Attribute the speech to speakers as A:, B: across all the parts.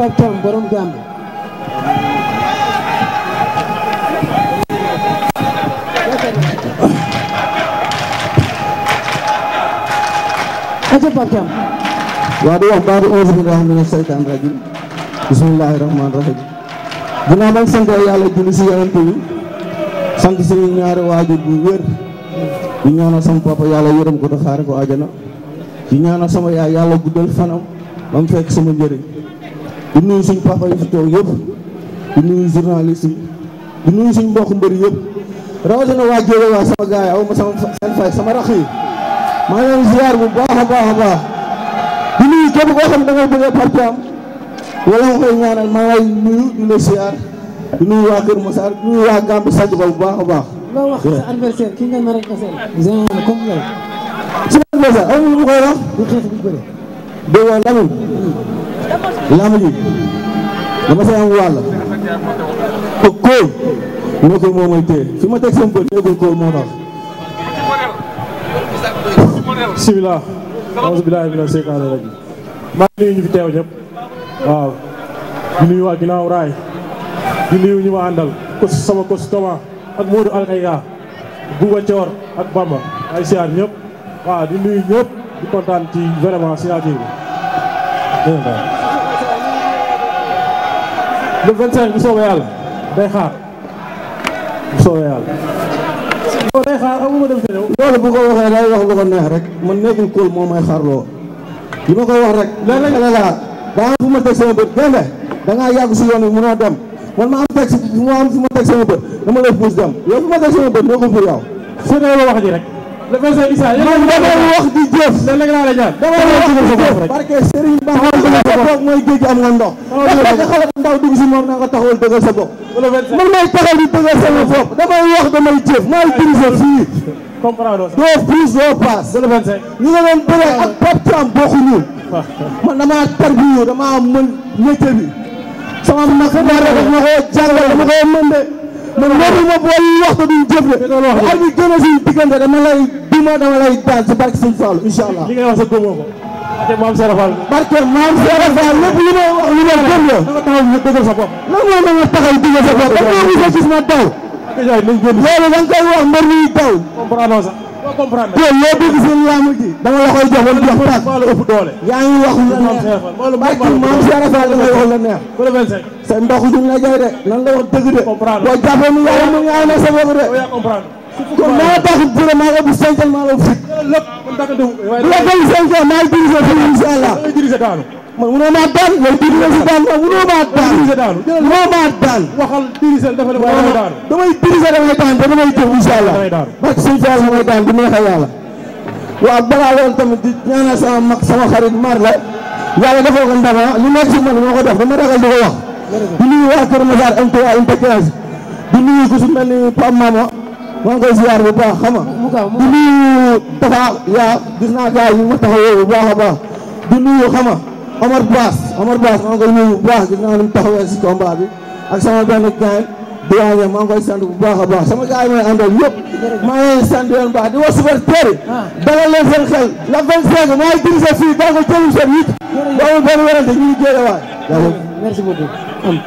A: Pape Thiam borom Gambie
B: aca Pape Thiam waa di wax baatu onze billahi mina seytaan rajim bismillahi rahmaan rahim ginnaaw man sant yàlla julli si yonent bi sant suñu ñaari waajur bu wér di ñaanal sama papa yàlla yërëm ko te ko àjjana di ñaanal sama yàlla guddal fanam ba mu fekk sama njëriñ di nuyu suñ papa yi fi toog yëpp di nuyu journaliste yi di nuyu suñ mbokk mbër yëpp sama gars aw ma sama seen fay sama rax bu baax a baax a baax di nuyu képp koo xam da ngay bëgg a partaam wala nga koy ñaanal maa ngi lay nuyu di la ziar di nuyu waa Kër Massar di nuyu waa Gambie Sadio Ba bu baax a baax. loo wax sa adversaire ki nga mën a gasal. général comme yow. su ma adversaire amul lu mu koy wax. bu xeex bu bëri. déggoo Lamine. Hmm. làmb ji dama see am wàll ko kóol nekkul moom
A: mooy téye fi ma teg sama bët nekkul kóol moo tax bismillah auzu billaahi mina seytaane rajiim maa ngi nuyu ñu fi teew ñëpp waaw di nuyu waa ginnaaw raay di nuyu ñu ma àndal kos sama kos toma ak Modou Alkaya Bouba Thior ak Bamba ay siyaar ñëpp waaw di nuyu ñëpp di kontaan ci vraiment signature bi le 25 bu soobee yàlla day xaar bu soobee yàlla. loolu day xaar bu ko waxee day wax lu ko neex rek
B: man nekkul kóol moo may xaar loo li ma koy wax rek. léeg-léeg xale laa daa am fu ma teg sama bët gën da ngaa yàgg si yoon bi mënoo dem man ma am teg si ma am fu ma teg sama bët dama lay puus dem yow ma teg sama bët moo ko pour yow. su wax ji rek. le 25 Issa man damay wax di jëf. léeg-léeg laa la ñaan damay wax di jëf. parce que Serigne Ba. mooy géej am nga taxaw dugg si moom naa ko taxawal dëggal sa bopp. man may taxaw di dëggal sama bopp damay wax damay jëf maay diriger fii. comprendre loo doo plus doo paas. ñu nga doon bëree ak Pape Thiam bokkuñu. man damaa tarbiyu damaa mën métier bi. sama mën de. man loolu ma booy wax te duñ a suñu dama lay duma dama lay daan ci barke Sëñ Fall incha barke maam Serap Fall. barke maam Serap Fall lépp lu ma wax lu ma gëm la. da a taxaw a dëggal sa bopp. lan moo doon taxaw dëggal sa bopp. dañoo a ma daw. loolu da nga koy wax mbër mi daw. comprendre sax
A: doo comprendre. te loo bëgg
B: seen la koy jox wala jox tàkk. yaa wax lu neex. barke maam Serap Fall da ngay wax neex. sa ndox du la jaay de. lan la wax dëgg de. comprendre boo jàppee mu yaay mu yaay na sa bopp
A: de. kon maa la taxut
B: bu maa la bu senkel maa la bu fit. lépp kon dara defu ko waaye. bu la koy senkel maa ngi dirigé fii incha allah. maa ngi dirigé daanu. man munoo maa daan yow dirigé si daan waaw munoo maa daan. dirigé daanu jërëjëf munoo maa daan. waxal dirigé dafa def waaye daanu. damay dirigé damay daan te damay jëf incha allah. damay daan parce que suñu saa damay daan du neex a yàlla. waaw balaa loolu tamit di ñaanal sama mag sama xarit mar la yàlla defoo ko ndama ah. li nekk si man moo ko def dama ragal di ko wax. di nuyu waa Kër Massar MTA impétueuse di nuyu ku si mel ni Pape Mama maa ngi koy ziar bu baax xam nga. mu kaw mu kaw yaa gis naa gars yi ma bu baax a baax. di nuyu xam nga Omar Baas Omar Baas maa ngi koy bu baax gis naa ni mu taxawee si combat bi ak sama benn gars diwaan maa ngi koy sant bu baax a baax sama gars may àndal yëpp. maa ngi leen di sant yéen baax di wax supporter yi. Ah. dalal leen seen xel
A: la 25 maa ngi dirigé fii donc 2008. jërëjëf doomu benn wérante ñu ngi jëlee waay. merci beaucoup. am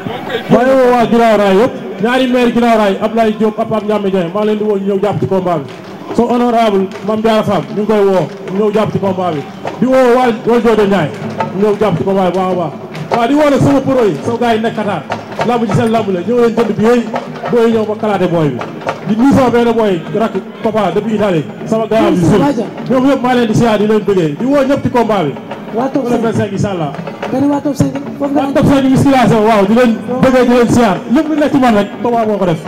A: waaye woo waa Guinaw Rail yëpp ñaari maire Guinaw Rail Ablaye Diop ak Pape Ndiame Dieng maa leen di woo ñu ñëw jàpp ci combat bi so honorable Mame Diarra Fam ñu ngi koy woo ñu ñëw jàpp ci combat bi di woo waa wal joodo ñëw jàpp ci combat bi baax a di woo nag sama pro sama gars nekk Qatar lamb ci seen lamb la ñëw leen jënd bi yooyu booy ñëw ba kalaate booy bi di nuyu sama benn booy rakk papa depuis Italie sama gars yi ñoom ñëpp maa leen di siyaar di le man Top Sow ñu ngi siyaasa waaw di leen bëggee di leen siyaar lépp lu nekk ci man rek Touba moo ko def.